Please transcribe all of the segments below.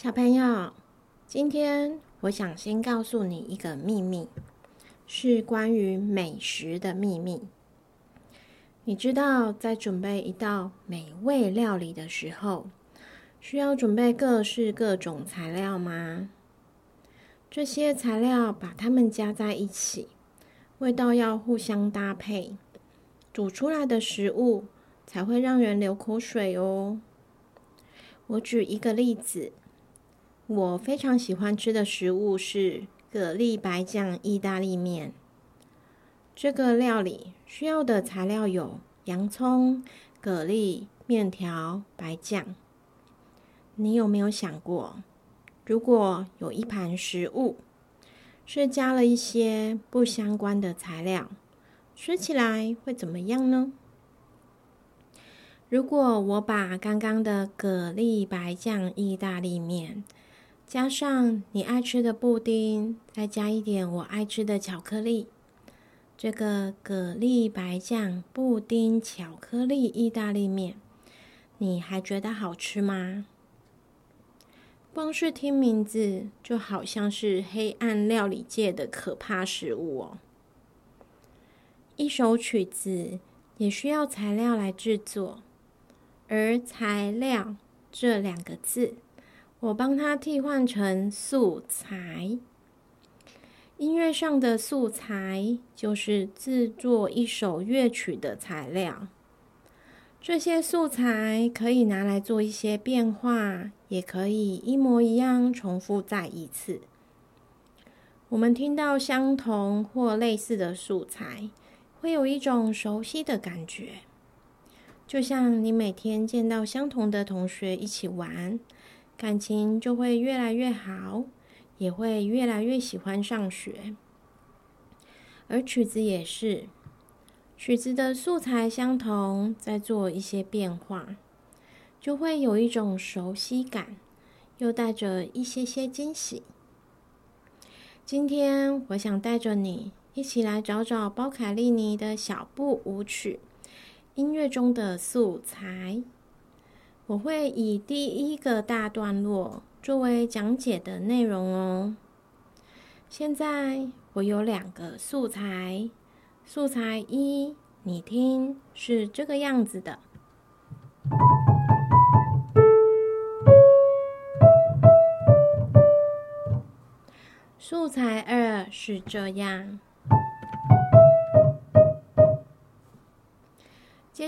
小朋友，今天我想先告訴你一個秘密，是關於美食的秘密。你知道在準備一道美味料理的時候，需要準備各式各種材料嗎？這些材料把它們加在一起，味道要互相搭配，煮出來的食物才會讓人流口水哦。我舉一個例子，我非常喜歡吃的食物是蛤蜊白醬意大利麵。這個料理需要的材料有洋蔥、蛤蜊、麵條、白醬。你有沒有想過，如果有一盤食物是加了一些不相關的材料，吃起來會怎麼樣呢？如果我把剛剛的蛤蜊白醬意大利面加上你愛吃的布丁，再加一點我愛吃的巧克力，這個蛤蜊白醬布丁巧克力意大利麵，你還覺得好吃嗎？光是聽名字就好像是黑暗料理界的可怕食物哦。一首曲子也需要材料來製作，而“材料”這兩個字。我幫他替換成素材。音樂上的素材就是製作一首樂曲的材料。這些素材可以拿來做一些變化，也可以一模一樣重複再一次。我們聽到相同或類似的素材，會有一種熟悉的感覺，就像你每天見到相同的同學一起玩。感情就會越來越好，也會越來越喜歡上學。而曲子也是，曲子的素材相同，在做一些變化，就會有一種熟悉感，又帶着一些些驚喜。今天我想帶着你一起來找找包凱利尼的小步舞曲音樂中的素材。我會以第一個大段落作為講解的內容哦。現在我有兩個素材，素材一，你聽，是這個樣子的；素材二是這樣。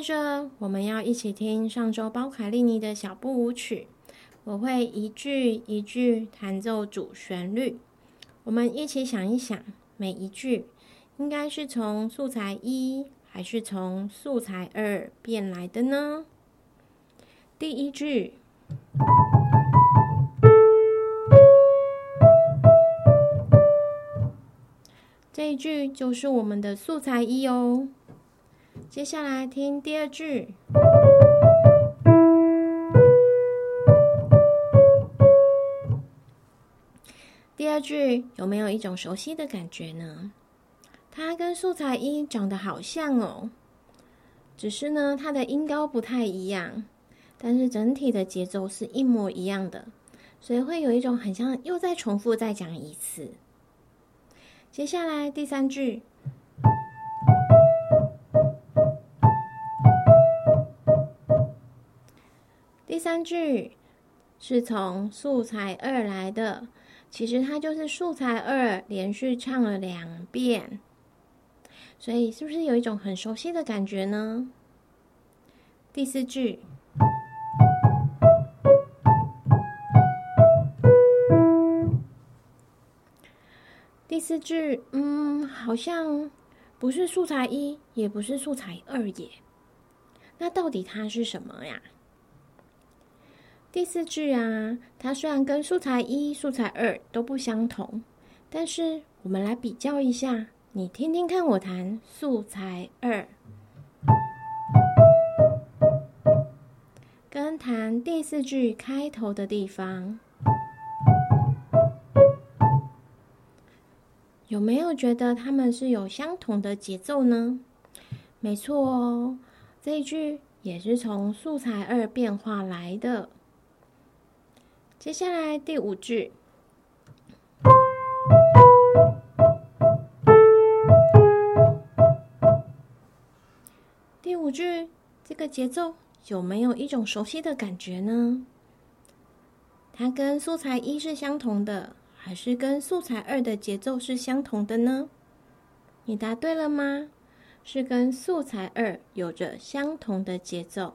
接着，我們要一起聽上周包凱里尼的小步舞曲。我會一句一句彈奏主旋律，我們一起想一想，每一句應該是從素材一還是從素材二變來的呢？第一句，這一句就是我們的素材一哦。接下來聽第二句。第二句有沒有一種熟悉的感覺呢？它跟素材一長得好像哦，只是呢它的音高不太一樣，但是整體的節奏是一模一樣的，所以會有一種很像又再重複再講一次。接下來第三句。第三句是從素材二來的，其實它就是素材二連續唱了兩遍，所以是不是有一種很熟悉的感覺呢？第四句，第四句，嗯，好像不是素材一，也不是素材二耶，那到底它是什麼呀？第四句啊，它雖然跟素材一、素材二都不相同，但是我們來比較一下，你聽聽看我彈素材二，跟彈第四句開頭的地方，地方有沒有覺得它們是有相同的節奏呢？沒錯哦，這一句也是從素材二變化來的。接下來第五句，第五句這個節奏有沒有一種熟悉的感覺呢？它跟素材一是相同的，還是跟素材二的節奏是相同的呢？你答對了嗎？是跟素材二有着相同的節奏。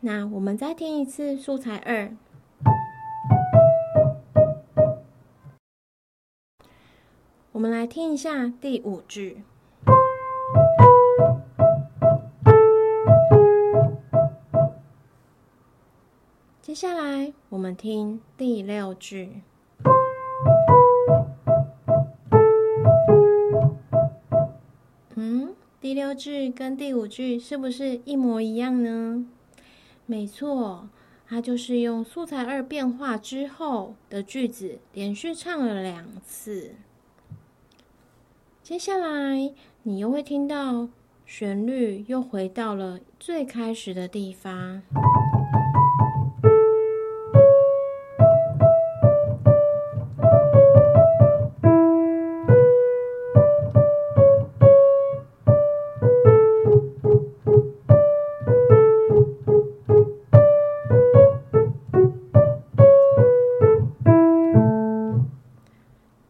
那我們再聽一次素材二。我們來聽一下第五句。接下來，我們聽第六句。嗯，第六句跟第五句是不是一模一樣呢？沒錯，它就是用素材二變化之後的句子連續唱了兩次。接下來，你又會聽到旋律又回到了最開始的地方，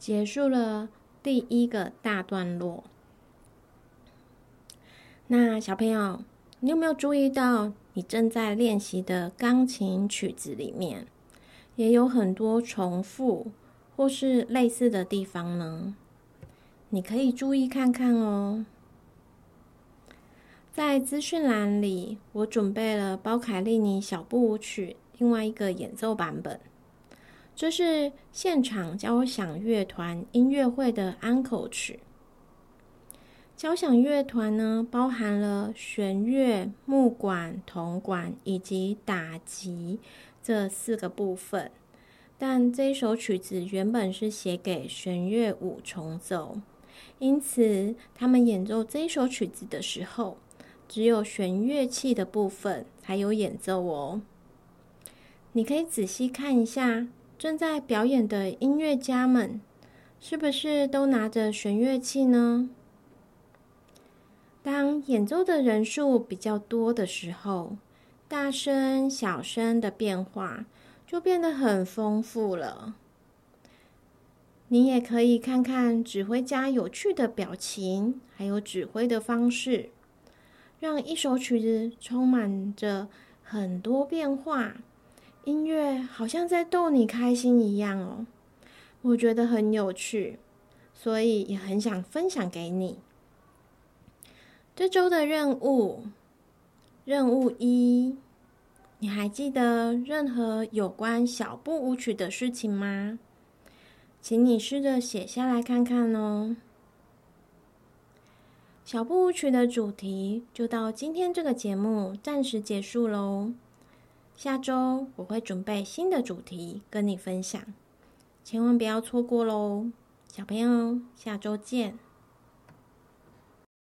結束了。第一個大段落，那小朋友，你有沒有注意到你正在練習的鋼琴曲子裡面也有很多重複或是類似的地方呢？你可以注意看看哦。在資訊欄裡，我準備了包凱利尼小步舞曲另外一個演奏版本。這是現場交響樂團音樂會的安可曲。交響樂團呢，包含了弦樂、木管、銅管以及打擊這四個部分。但這首曲子原本是寫給弦樂五重奏，因此他們演奏這首曲子的時候，只有弦樂器的部分才有演奏哦。你可以仔細看一下。正在表演的音樂家們，是不是都拿着弦樂器呢？當演奏的人數比較多的時候，大聲小聲的變化就變得很豐富了。你也可以看看指揮家有趣的表情，還有指揮的方式，讓一首曲子充滿着很多變化。音樂好像在逗你開心一樣哦，我覺得很有趣，所以也很想分享給你。這週的任務，任務一，你還記得任何有關小步舞曲的事情嗎？請你試着寫下來看看哦。小步舞曲的主題就到今天這個節目暫時結束嘍。下週我會準備新的主題跟你分享，千萬不要錯過嘍，小朋友，下週見。